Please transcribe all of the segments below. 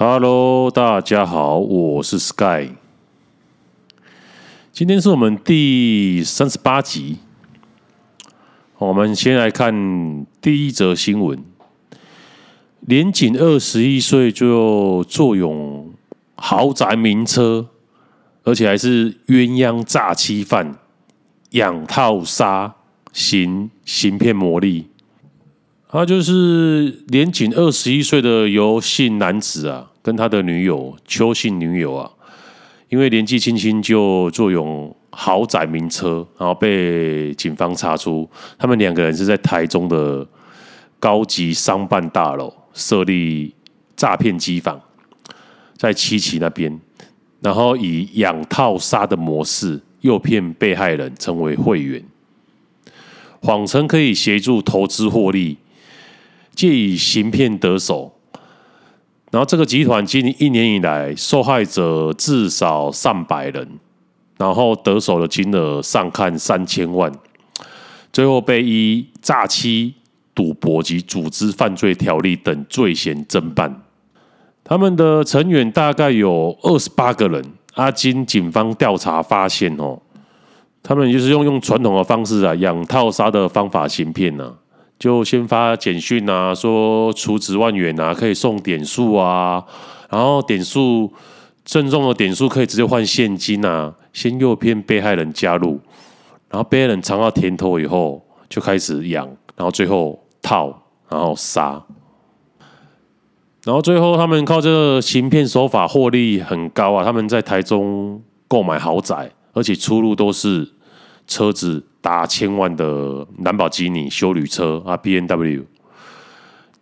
Hello，大家好，我是 Sky。今天是我們第三十八集。我們先來看第一則新聞：年僅二十一歲就坐擁豪宅、名車，而且還是鴛鴦詐欺犯，養套殺行行騙牟利。他就是年僅二十一歲的游姓男子啊，跟他的女友邱姓女友啊，因為年紀輕輕就坐擁豪宅名車，然後被警方查出，他們兩個人是在台中的高級商辦大樓設立詐騙機房，在七期那邊，然後以養套殺的模式誘騙被害人成為會員，謊稱可以協助投資獲利。借以行騙得手，然後這個集團近一年以來，受害者至少上百人，然後得手的金額上看三千萬，最後被以詐欺、賭博及組織犯罪條例等罪嫌偵辦。他們的成員大概有二十八個人。阿金，警方調查發現哦，他們就是用用傳統的方式啊，養套殺的方法行騙呢。就先發簡訊啊，說儲值萬元啊，可以送點數啊，然後點數贈送的點數可以直接換現金啊，先誘騙被害人加入，然後被害人嘗到甜頭以後就開始養，然後最後套，然後殺，然後最後他們靠這個行騙手法獲利很高啊，他們在台中購買豪宅，而且出入都是車子。達千萬的蘭博基尼休旅車啊，B N W，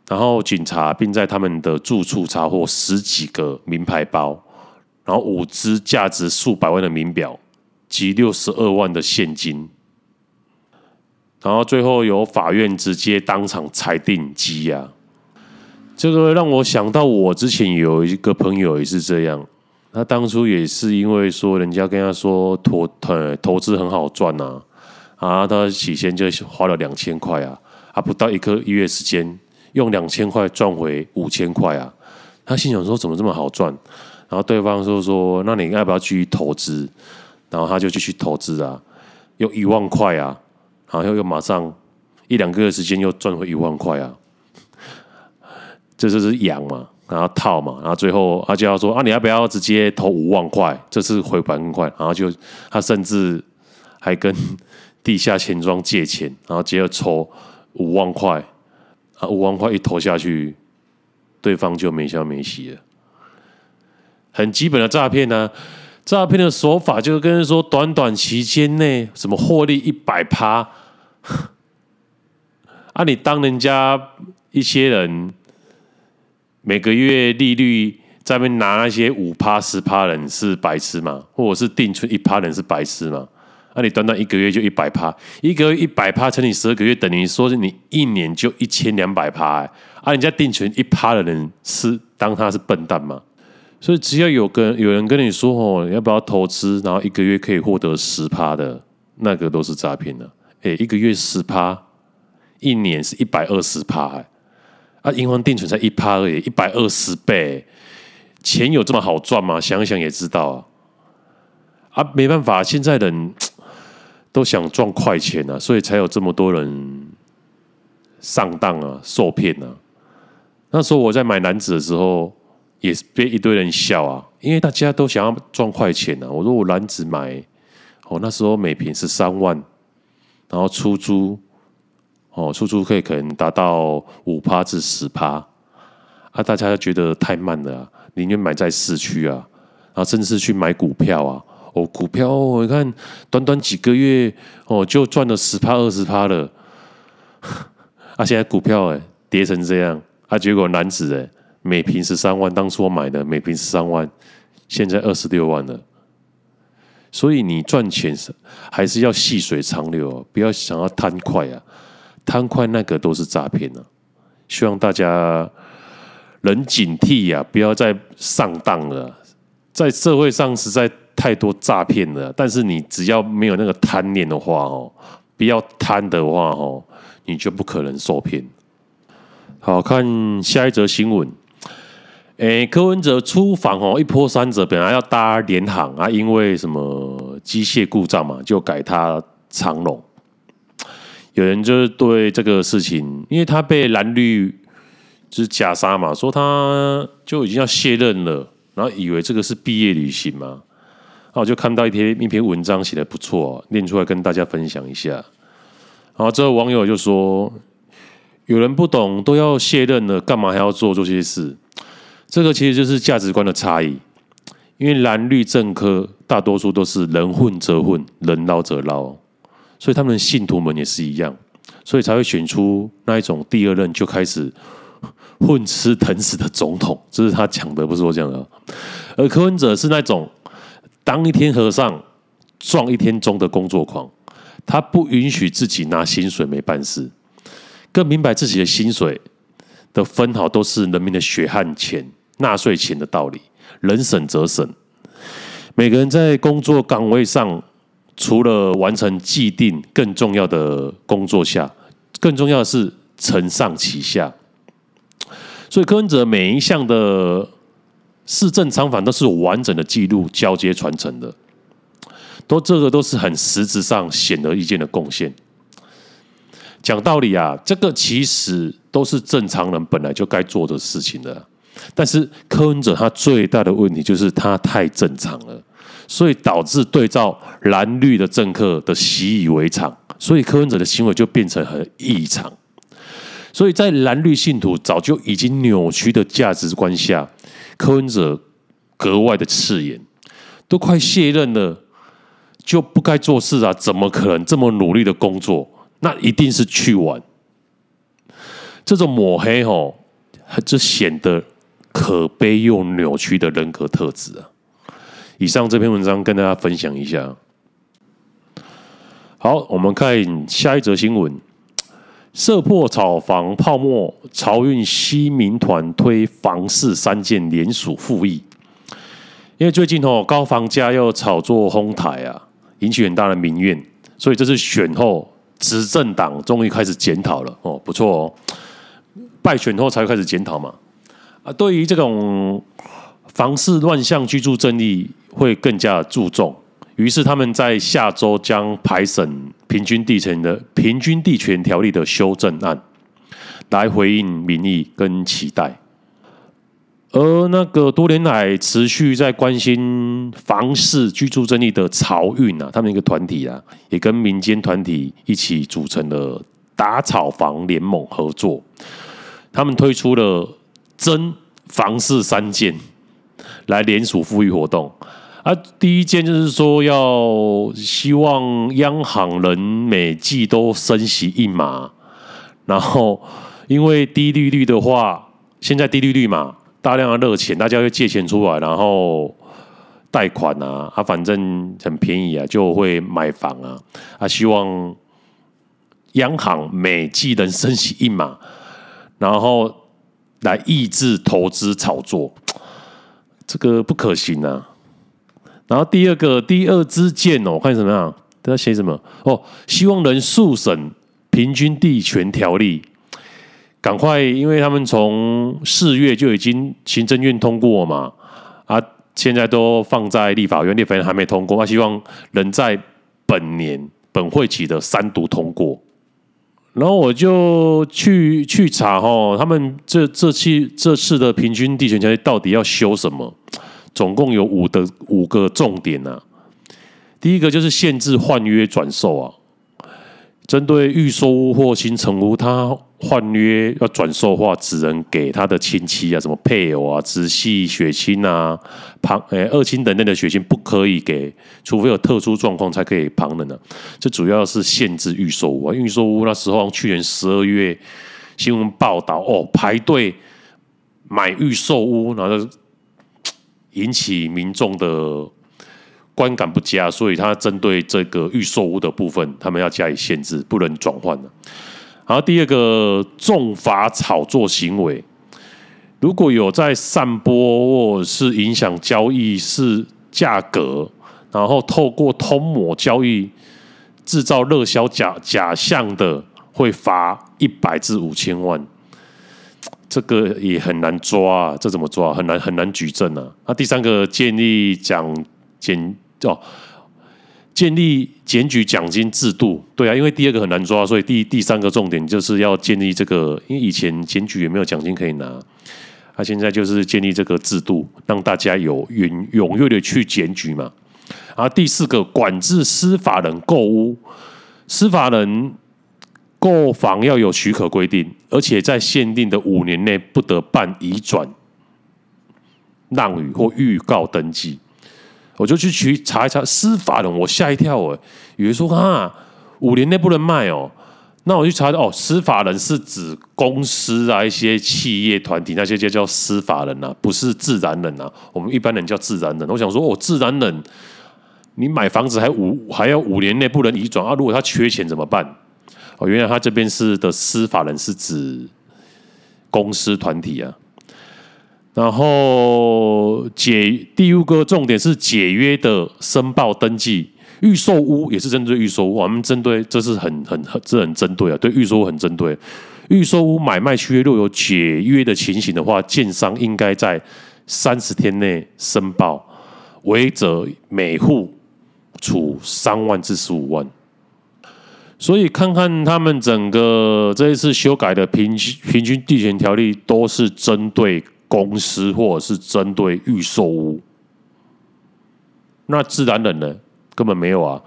然後警察並在他們的住處查獲十幾個名牌包，然後五隻價值數百萬的名表及六十二萬的現金，然後最後由法院直接當場裁定羈押。這個讓我想到，我之前有一個朋友也是這樣，他當初也是因為說人家跟他說投投投資很好賺啊。啊，他起先就花了兩千塊啊，啊，不到一個一個月時間，用兩千塊賺回五千塊啊，他心想說怎麼這麼好賺？然後對方說說，那你要不要去投資？然後他就繼續投資啊，用一萬塊啊，然後又馬上一兩個月時間又賺回一萬塊啊，這就是養嘛，然後套嘛，然後最後他就要說啊，你要不要直接投五萬塊？這次回本更快，然後就他甚至還跟。地下錢莊借錢，然後接着抽五萬塊啊，五萬塊一投下去，對方就沒消沒息了。很基本的詐騙呢，詐騙的手法就是跟人說，短短期間內，什麼獲利一百趴， 啊，你當人家一些人每個月利率在那邊拿那些五趴十趴人是白痴嗎？或者是定存一趴人是白痴嗎？那、啊、你短短一個月就一百趴，一個月一百趴乘你十二個月等於說是你一年就一千兩百趴。哎，啊，人家定存一趴的人是當他是笨蛋嘛？所以只要有個有人跟你說哦，要不要投資，然後一個月可以獲得十趴的，那個都是詐騙了、啊哎。一個月十趴，一年是一百二十趴。哎啊，啊，銀行定存在一趴而已，一百二十倍，錢有這麼好賺嗎？想想也知道。啊，啊，沒辦法，現在人。都想賺快錢啊，所以才有這麼多人上當啊，受騙啊。那時候我在買籃子的時候，也是被一堆人笑啊，因為大家都想要賺快錢啊。我說我籃子買，哦，那時候每坪十三萬，然後出租，哦，出租可以可能達到五趴至十趴啊，大家覺得太慢了啊，寧願買在市區啊，然後甚至是去買股票啊。哦，股票，哦，你看，短短幾個月，哦，就賺了十趴、二十趴了。 啊，現在股票哎，跌成這樣，啊，結果男子哎，每坪十三萬，當初我買的每坪十三萬，現在二十六萬了。所以你賺錢是還是要細水長流，不要想要貪快啊，貪快那個都是詐騙了、啊。希望大家，人警惕呀、啊，不要再上當了，在社會上實在。太多詐騙了，但是你只要沒有那個貪念的話哦，不要貪的話哦，你就不可能受騙。好，看下一則新聞，哎，柯文哲出訪哦，一波三折，本來要搭聯航啊，因為什麼機械故障嘛，就改搭長榮。有人就是對這個事情，因為他被藍綠就是夾殺嘛，說他就已經要卸任了，然後以為這個是畢業旅行嘛。我就看到一篇一篇文章寫得不錯，哦，念出來跟大家分享一下。然後之後網友就說：“有人不懂都要卸任了，幹嘛還要做這些事？”這個其實就是價值觀的差異。因為藍綠政客大多數都是人混則混，人撈則撈，所以他們信徒們也是一樣，所以才會選出那一種第二任就開始混吃等死的總統。這，就是他講的，不是我講的。而柯文哲是那種。當一天和尚撞一天鐘的工作狂，他不允許自己拿薪水沒辦事，更明白自己的薪水的分毫都是人民的血汗錢、納稅錢的道理。能省則省。每個人在工作崗位上，除了完成既定更重要的工作下，更重要的是承上啟下。所以柯文哲每一項的。是正常反都是有完整的記錄交接傳承的，都這個都是很實質上顯而易見的貢獻。講道理啊，這個其實都是正常人本來就該做的事情的。但是柯文哲他最大的問題就是他太正常了，所以導致對照藍綠的政客的習以為常，所以柯文哲的行為就變成很異常。所以在藍綠信徒早就已經扭曲的價值觀下。柯文哲格外的刺眼，都快卸任了，就不該做事啊？怎麼可能這麼努力的工作？那一定是去玩。這種抹黑哦，這顯得可悲又扭曲的人格特質啊！以上這篇文章跟大家分享一下。好，我們看下一則新聞。戳破炒房泡沫，巢運西民團推房市三件連署復議，因為最近哦高房價又炒作哄抬啊，引起很大的民怨，所以這次選後執政黨終於開始檢討了哦，不錯哦，敗選後才開始檢討嘛，啊，對於這種房市亂象、居住正義會更加注重，於是他們在下周將排審。平均地權的平均地權條例的修正案，來回應民意跟期待。而那個多年來持續在關心房市居住爭議的巢運啊，他們一個團體啊，也跟民間團體一起組成了打炒房聯盟合作，他們推出了真房市三件」來聯署呼籲活動。啊，第一件就是說，要希望央行能每季都升息一碼，然後因為低利率的話，現在低利率嘛，大量的熱錢，大家會借錢出來，然後貸款啊，啊，反正很便宜啊，就會買房啊。啊，希望央行每季能升息一碼，然後來抑制投資炒作，這個不可行啊。然後第二個第二支箭哦，我看什麼啊，他在寫什麼哦？希望能速審《平均地權條例》，趕快，因為他們從四月就已經行政院通過嘛，啊，現在都放在立法院，立法院還沒通過，啊，希望能在本年本會期的三讀通過。然後我就去去查吼、哦，他們這這期這次的《平均地權條例》到底要修什麼？總共有五的五個重點吶、啊，第一個就是限制換約轉售啊，針對預售屋或新成屋，他換約要轉售的話，只能給他的親戚啊，什麼配偶啊、直系血親啊、旁誒二親等等的血親，不可以給，除非有特殊狀況才可以旁的呢。這主要是限制預售屋啊，預售屋那時候去年十二月新聞報道哦，排隊買預售屋，然後、就是引起民眾的觀感不佳，所以他針對這個預售屋的部分，他們要加以限制，不能轉換了。然後第二個重罰炒作行為，如果有在散播或是影響交易是價格，然後透過通謀交易製造熱銷假假象的，會罰一百至五千萬。這個也很難抓、啊，這怎麼抓？很難很難舉證啊！那、啊、第三個建立獎金哦，建立檢舉獎金制度，對啊，因為第二個很難抓，所以第第三個重點就是要建立這個，因為以前檢舉也沒有獎金可以拿，啊，現在就是建立這個制度，讓大家有勇踴躍的去檢舉嘛。然、啊、第四個管制司法人購屋，司法人。購房要有許可規定，而且在限定的五年內不得辦移轉讓與或預告登記。我就去查一查，司法人，我嚇一跳哎、欸！有人說啊，五年內不能賣哦、喔。那我去查哦，司法人是指公司啊，一些企業團體那些就叫司法人啊，不是自然人啊。我們一般人叫自然人。我想說哦，自然人，你買房子還五還要五年內不能移轉啊？如果他缺錢怎麼辦？哦，原來他這邊是的，司法人是指公司團體啊。然後解第五個重點是解約的申報登記，預售屋也是針對預售屋，我們針對這是很很很，這很針對啊，對預售屋很針對。預售屋買賣契約若有解約的情形的話，建商，應該在三十天內申報，違者每戶處三萬至十五萬。所以看看他們整個這一次修改的平均平均地權條例，都是針對公司或者是針對預售屋，那自然人呢，根本沒有啊。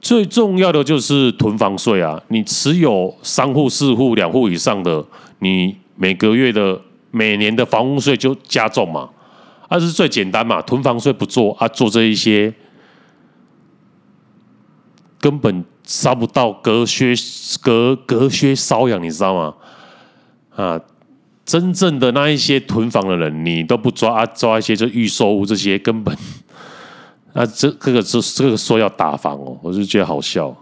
最重要的就是囤房稅啊，你持有三戶、四戶、兩戶以上的，你每個月的、每年的房屋稅就加重嘛。啊、這是最簡單嘛，囤房稅不做啊，做這一些根本。搔不到隔靴、隔、隔靴搔癢，你知道嗎？啊，真正的那一些囤房的人，你都不抓、啊、抓一些就預售屋這些根本，啊，這這個這這個說要打房哦，我就覺得好笑，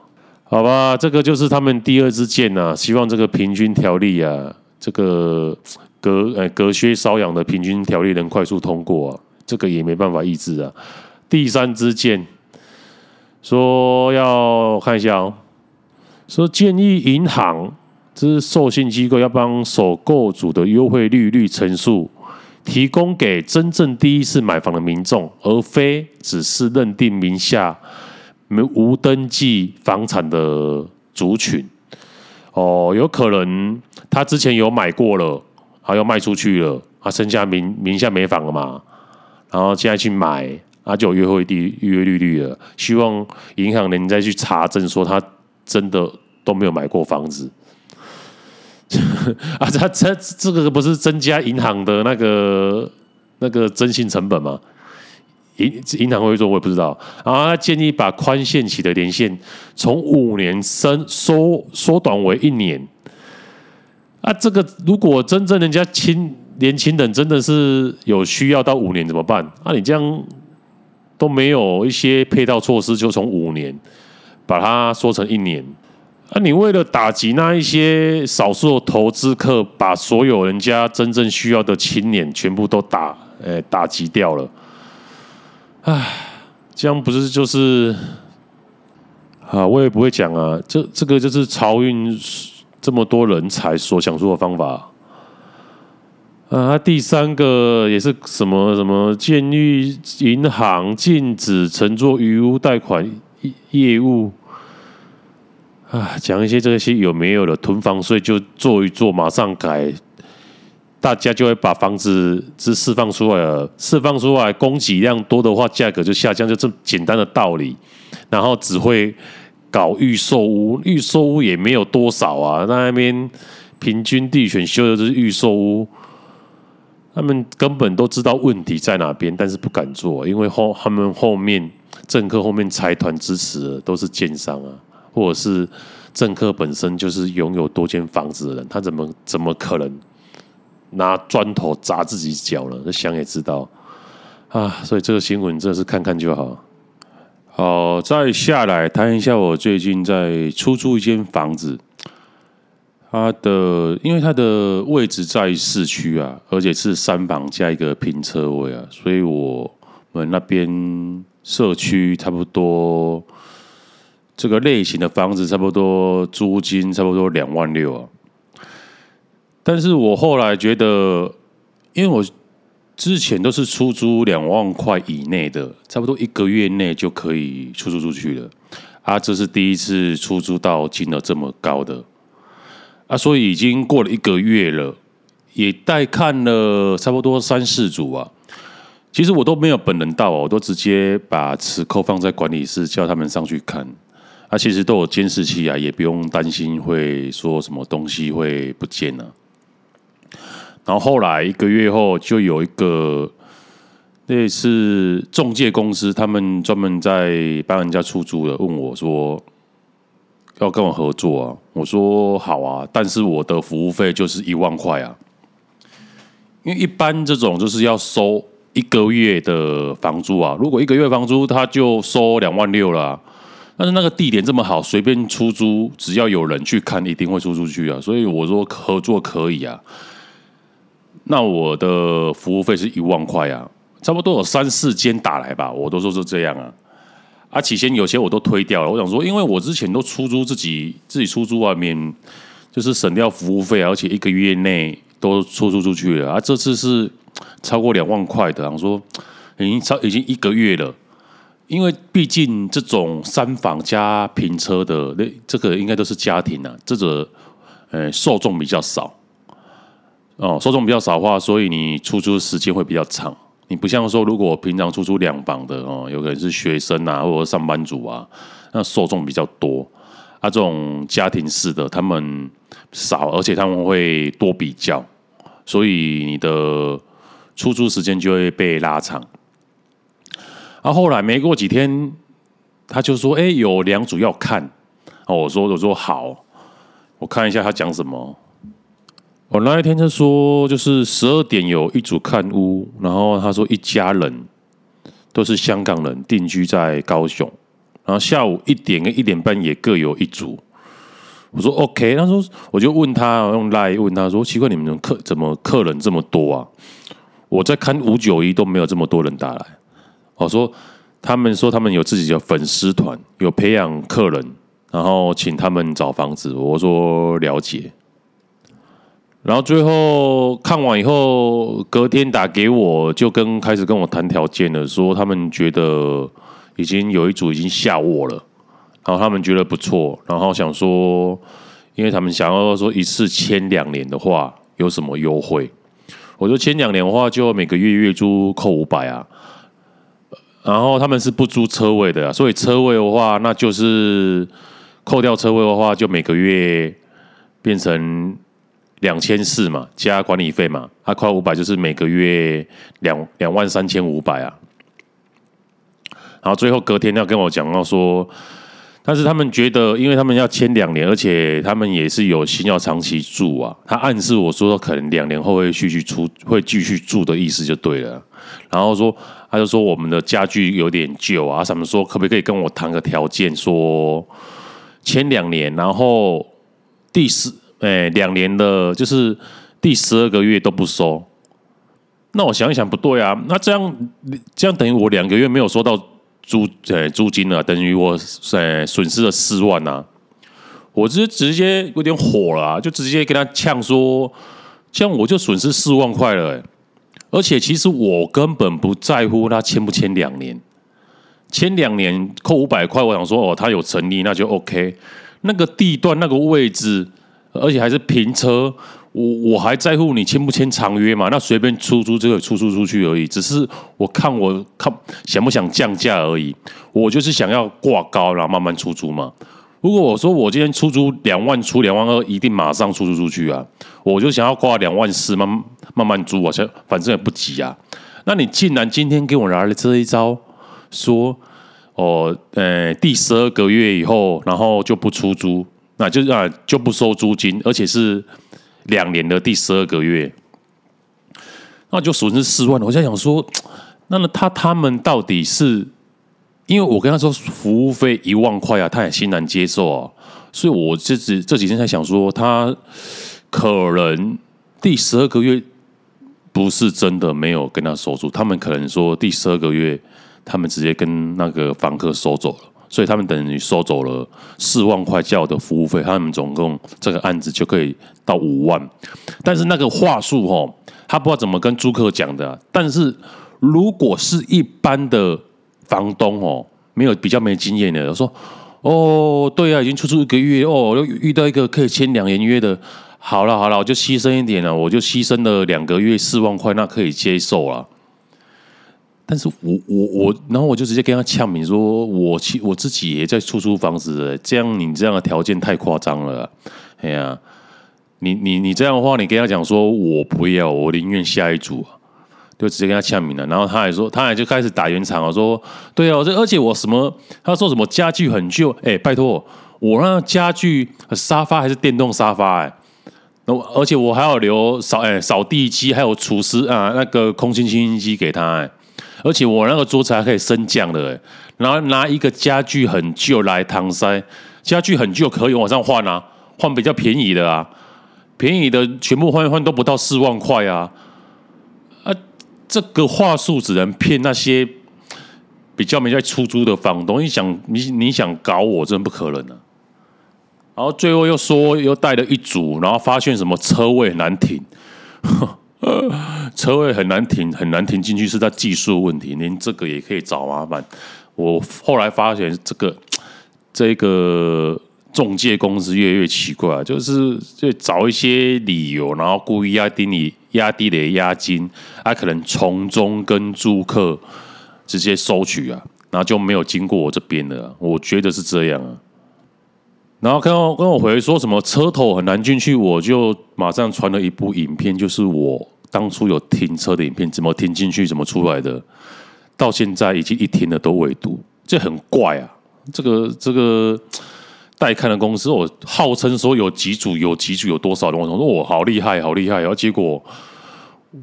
好吧？這個就是他們第二支箭啊，希望這個平均條例啊，這個隔呃隔靴搔癢的平均條例能快速通過啊，這個也沒辦法抑制啊。第三支箭。說要看一下哦、喔，說建議銀行，這是授信機構要幫首購族的優惠利率陳述，提供給真正第一次買房的民眾，而非只是認定名下沒無登記房產的族群。哦，有可能他之前有買過了，還要賣出去了，啊剩下名名下沒房了嘛？然後現在去買。他就約會地約利率了，希望銀行能再去查證，說他真的都沒有買過房子。 啊，這這這個不是增加銀行的那個那個徵信成本嗎？銀銀行會說：“我也不知道。”啊，建議把寬限期的年限從五年升縮縮短為一年。啊，這個如果真正人家輕年輕人真的是有需要到五年怎麼辦？啊，你這樣。都沒有一些配套措施，就從五年把它縮成一年。啊，你為了打擊那一些少數的投資客，把所有人家真正需要的青年全部都打，誒、欸，打擊掉了。唉，這樣不是就是，啊，我也不會講啊，這這個就是漕運這麼多人才所想出的方法。啊，第三個也是什麼什麼？建議銀行禁止承做餘屋貸款業務啊，講一些這些有沒有的囤房稅就做一做，馬上改，大家就會把房子只釋放出來了。釋放出來，供給量多的話，價格就下降，就這麼簡單的道理。然後只會搞預售屋，預售屋也沒有多少啊，那那邊平均地權修的就是預售屋。他們根本都知道問題在哪邊，但是不敢做，因為後他們後面政客，後面財團支持的都是奸商啊，或者是政客本身就是擁有多間房子的人，他怎麼怎麼可能拿磚頭砸自己腳呢？想也知道啊，所以這個新聞真的是看看就好。好，再下來談一下，我最近在出租一間房子。它的因為它的位置在市區啊，而且是三房加一個停車位啊，所以我們那邊社區差不多這個類型的房子，差不多租金差不多兩萬六啊。但是我後來覺得，因為我之前都是出租兩萬塊以內的，差不多一個月內就可以出租出去了。啊，這是第一次出租到金額這麼高的。啊，所以已經過了一個月了，也帶看了差不多三四組啊。其實我都沒有本人到，我都直接把磁扣放在管理室，叫他們上去看。啊，其實都有監視器啊，也不用擔心會說什麼東西會不見了啊。然後後來一個月後，就有一個那是中介公司，他們專門在幫人家出租的，問我說。要跟我合作啊？我說好啊，但是我的服務費就是一萬塊啊。因為一般這種就是要收一個月的房租啊。如果一個月房租他就收兩萬六了啊，但是那個地點這麼好，隨便出租，只要有人去看，一定會租出出去啊。所以我說合作可以啊。那我的服務費是一萬塊啊，差不多有三四間打來吧，我都說是這樣啊。啊，起先有些我都推掉了。我想說，因為我之前都出租自己自己出租外面，就是省掉服務費，而且一個月內都出租出去了。啊，這次是超過兩萬塊的，想說已經超已經一個月了。因為畢竟這種三房加平車的，那這個應該都是家庭啊，這種呃受眾比較少。哦，受眾比較少的話，所以你出租時間會比較長。你不像說，如果平常出租兩房的哦，有可能是學生啊，或者上班族啊，那受眾比較多；啊，這種家庭式的他們少，而且他們會多比較，所以你的出租時間就會被拉長。啊，後來沒過幾天，他就說：“哎，有兩組要看。”哦，我說：“我說好，我看一下他講什麼。”我那一天就說，就是十二點有一組看屋，然後他說一家人都是香港人定居在高雄，然後下午一點跟一點半也各有一組。我說 OK，他說我就問他我用 LINE 問他說，奇怪你們客怎麼客人這麼多啊？我在看五九一都沒有這麼多人打來。我說他們說他們有自己的粉絲團，有培養客人，然後請他們找房子。我說了解。然後最後看完以後，隔天打給我，就跟開始跟我談條件了，說他們覺得已經有一組已經下我了，然後他們覺得不錯，然後想說，因為他們想要說一次簽兩年的話有什麼優惠，我說簽兩年的話就每個月月租扣五百啊，然後他們是不租車位的，啊，所以車位的話那就是扣掉車位的話，就每個月變成。兩千四嘛，加管理費嘛，他、啊、扣五百就是每個月兩兩萬三千五百啊。然後最後隔天要跟我講到說，但是他們覺得，因為他們要簽兩年，而且他們也是有心要長期住啊。他暗示我說，可能兩年後會繼續出會繼續住的意思就對了。然後說他就說我們的家具有點舊啊，什、啊、麼說可不可以跟我談個條件，說簽兩年，然後第四。誒、哎，兩年的，就是第十二個月都不收。那我想一想，不對啊。那這樣，這樣等於我兩個月沒有收到租，哎、租金了，等於我，哎、損失了四萬啊。我這直接有點火了、啊，就直接跟他嗆說，這樣我就損失四萬塊了。而且，其實我根本不在乎他簽不簽兩年，簽兩年扣五百塊，我想說，哦，他有誠意，那就 OK。那個地段，那個位置。而且還是平車，我我還在乎你簽不簽長約嘛？那隨便出租就可以出租出去而已，只是我看我看想不想降價而已。我就是想要掛高，然後慢慢出租嘛。如果我說我今天出租兩萬出兩萬二，一定馬上出租出去啊！我就想要掛兩萬四，慢慢慢租啊，反正也不急啊。那你竟然今天給我拿了這一招，說哦，呃、哎，第十二個月以後，然後就不出租。那就是啊，就不收租金，而且是兩年的第十二個月，那就損失四萬。我在想說，那麼他他們到底是？因為我跟他說服務費一萬塊啊，他也欣然接受啊，所以我這是這幾天在想說，他可能第十二個月不是真的沒有跟他收租，他們可能說第十二個月他們直接跟那個房客收走了。所以他們等於收走了四萬塊叫的服務費，他們總共這個案子就可以到五萬。但是那個話術吼，他不知道怎麼跟租客講的。但是如果是一般的房東哦，沒有比較沒經驗的，說哦，對啊，已經出租一個月哦，又遇到一個可以簽兩年約的，好了好了，我就犧牲一點了、啊，我就犧牲了兩個月四萬塊，那可以接受了、啊。但是我我我，然後我就直接跟他嗆名，說：“我我自己也在出租房子，這樣你這樣的條件太誇張了。”哎呀，你你你這樣的話，你跟他講說：“我不要，我寧願下一組。”就直接跟他嗆名了。然後他還說，他還就開始打圓場我說：“對啊，這而且我什麼，他說什麼家具很舊，哎、欸，拜托，我那家具沙发還是電動沙发哎，那而且我還要留掃哎掃地機，還有廚師啊那個空氣清淨機給他而且我那個桌子還可以升降的，哎，然後拿一個家具很舊來搪塞，家具很舊可以往上換啊，換比較便宜的啊，便宜的全部換一換都不到四萬塊啊，啊，這個話術只能騙那些比較沒在出租的房東，你想你你想搞我，真不可能啊！然後最後又說又帶了一組，然後發現什麼車位難停，哼。呃，車位很難停，很難停進去，是在技術問題。連這個也可以找麻煩。我後來發現，這個，這個這個中介公司越來越奇怪，就是就找一些理由，然後故意壓低你壓低的押金，他、啊、可能從中跟租客直接收取啊，然後就沒有經過我這邊的。我覺得是這樣啊。然後看到跟我回說什麼車頭很難進去，我就馬上傳了一部影片，就是我當初有停車的影片，怎麼停進去，怎麼出來的，到現在已經一天了都未讀，這很怪啊！這個這個帶看的公司，我號稱說有幾組，有幾組有多少人，我說我好厲害，好厲害，然後結果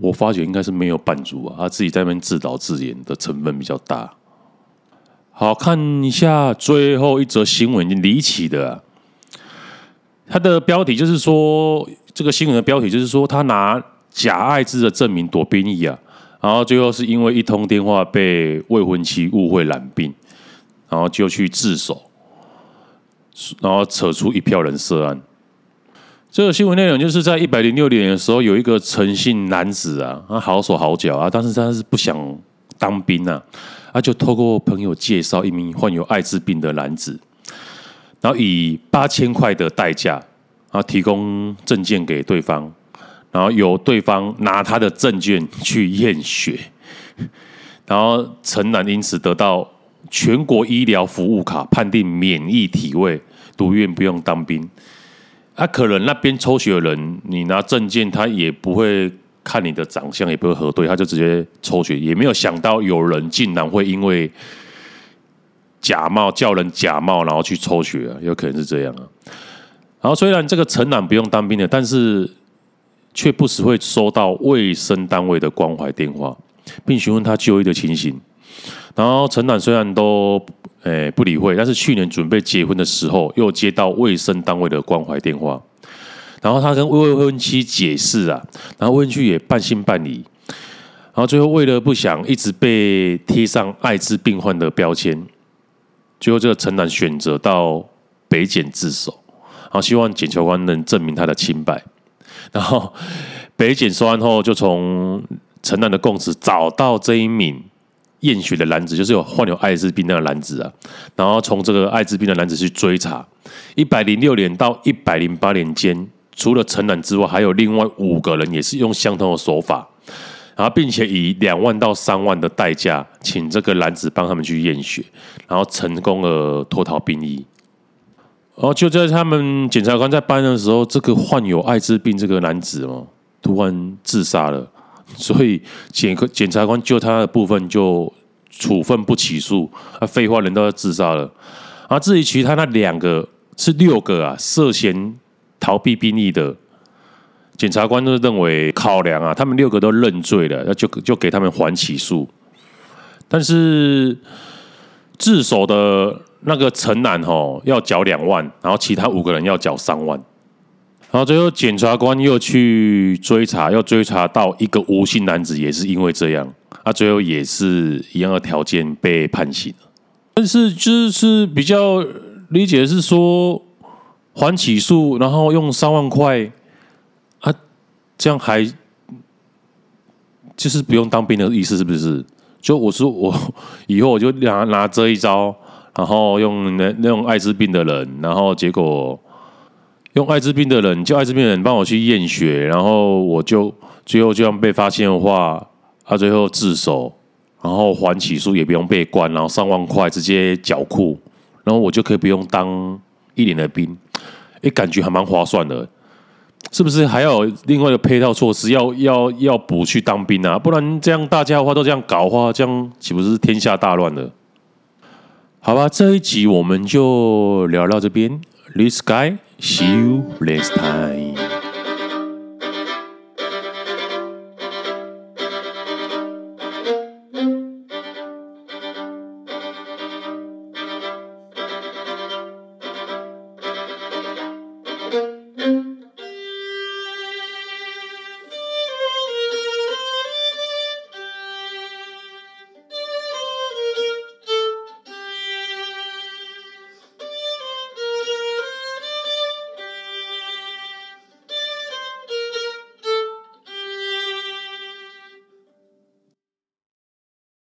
我發覺應該是沒有半組啊，他自己在那邊自導自演的成分比較大。好，看一下最後一則新聞，已經離奇的啊。他的標題就是說，這個新聞的標題就是說，他拿假艾滋的證明躲兵役啊，然後最後是因為一通電話被未婚妻誤會染病，然後就去自首，然後扯出一票人涉案。這個新聞內容就是在一百零六年的時候，有一個陳姓男子啊，他好手好腳啊，但是他是不想當兵啊，啊，他就透過朋友介紹一名患有艾滋病的男子。然後以八千塊的代價，然後提供證件給對方，然後由對方拿他的證件去驗血，然後陳南因此得到全國醫療服務卡，判定免役體位，讀院不用當兵。啊，可能那邊抽血的人，你拿證件，他也不會看你的長相，也不會核對，他就直接抽血，也沒有想到有人竟然會因為。假冒叫人假冒，然後去抽血啊，有可能是這樣啊。然後雖然這個陳楠不用當兵的，但是卻不時會收到衛生單位的關懷電話，並詢問他就醫的情形。然後陳楠雖然都誒、欸、不理會，但是去年準備結婚的時候，又接到衛生單位的關懷電話。然後他跟未婚妻解釋啊，然後未婚妻也半信半疑。然後最後為了不想一直被貼上艾滋病患的標籤。最後，這個陳楠選擇到北檢自首，然後希望檢調官能證明他的清白。然後北檢說完後，就從陳楠的供詞找到這一名驗血的男子，就是有患有艾滋病那個男子啊。然後從這個艾滋病的男子去追查，一百零六年到一百零八年間，除了陳楠之外，還有另外五個人也是用相同的手法。然後，並且以兩萬到三萬的代價，請這個男子幫他們去驗血，然後成功了脫逃兵役。然後就在他們檢察官在辦的時候，這個患有艾滋病這個男子哦，突然自殺了。所以檢檢察官就他的部分就處分不起訴，那廢話人都要自殺了。然後至於其他那兩個是六個啊，涉嫌逃避兵役的。檢察官都認為考量啊，他們六個都認罪了，那就就給他們緩起訴。但是自首的那個陳男哦，要繳兩萬，然後其他五個人要繳三萬。然後最後檢察官又去追查，又追查到一個吳姓男子，也是因為這樣，啊，最後也是一樣的條件被判刑。但是就是比較理解是說緩起訴，然後用三萬塊。這樣還就是不用當兵的意思是不是？就我說我以後我就拿拿這一招，然後用那那種艾滋病的人，然後結果用艾滋病的人叫艾滋病的人幫我去驗血，然後我就最後就算被發現的話，啊，他最後自首，然後緩起訴也不用被關，然後三萬塊直接繳庫，然後我就可以不用當一年的兵，哎，感覺還蠻划算的。是不是還要有另外的配套措施，要要要補去當兵啊？不然這樣大家的話都這樣搞的話，這樣豈不是天下大亂了？好吧，這一集我們就聊到這邊。This guy see you next time.